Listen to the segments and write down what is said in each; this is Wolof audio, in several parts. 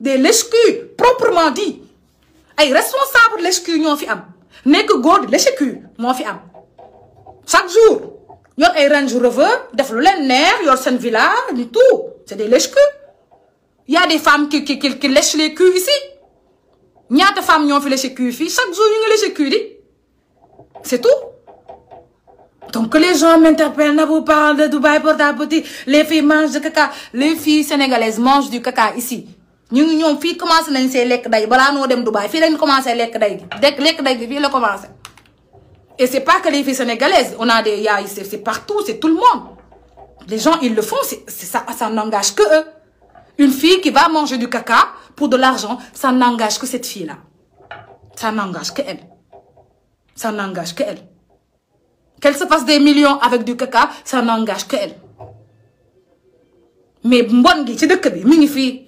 des LHQ proprement dit ay responsable LHQ ñoo fi am nekk góor di LHQ moo fi am chaque jour yor ay range rover def lu leen neex yor seen village, ni tout c'est des Il y a des femmes qui qui qui lèchent les culs ici des femmes qui lèchent les culs ici. chaque jour ñu ngi LHQ dit c'est tout donc les gens m'interpellent on vous parle de Dubaï Port à Petit les filles mangent du caca les filles sénégalaises mangent du caca ici commencé nañ day lañ commencé day day et c'est pas que les filles sénégalaises on a des ici c'est partout c'est tout le monde les gens ils le font c'est ça ça n'engage que eux une fille qui va manger du caca pour de l'argent ça n'engage que cette fille là ça n'engage que elle ça n'engage que elle qu'elle se fasse des millions avec du caca ça n'engage que elle mais bonne gi c'est de bi mi fille.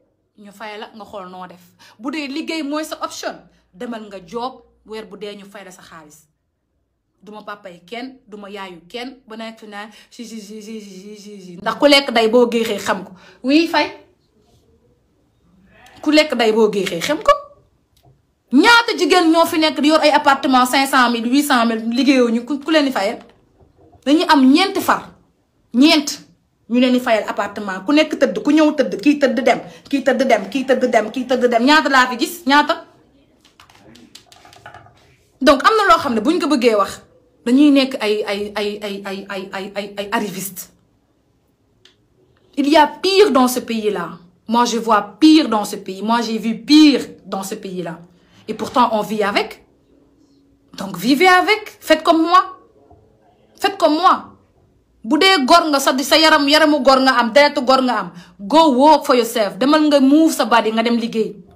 ñu fay la nga xool noo def bu dee liggéey mooy sa option demal nga job weer bu dee ñu fay la sa xaalis duma papa yi kenn duma yaayu kenn ba nekk fi naan si si si si si ndax ku lekk day boo géexee xam ko wii fay ku lekk day boo géexee xam ko ñaata jigéen ñoo fi nekk di yor ay apartement cinq cent mille huit cent mille liggéeyoo ñu ku leen di fayal dañu am ñeenti far ñeent ñu leen di fayal appartement ku nekk tëdd ku ñëw tëdd kii tëdd dem kii tëdd dem kii tëdd dem kii tëdd dem ñaata laa fi gis ñaata. donc am na loo buñ ko bëggee wax dañuy nekk ay ay ay ay ay ay ay arriviste il y a pire dans ce pays-là moi je vois pire dans ce pays moi j'ai vu pire dans ce pays-là et pourtant on vit avec donc vivez avec faites comme moi faites comme moi bu dee gor nga sa sa yaram yaramu góor nga am deretu gor nga am go work for yourself demal nga move sa body nga dem liggéey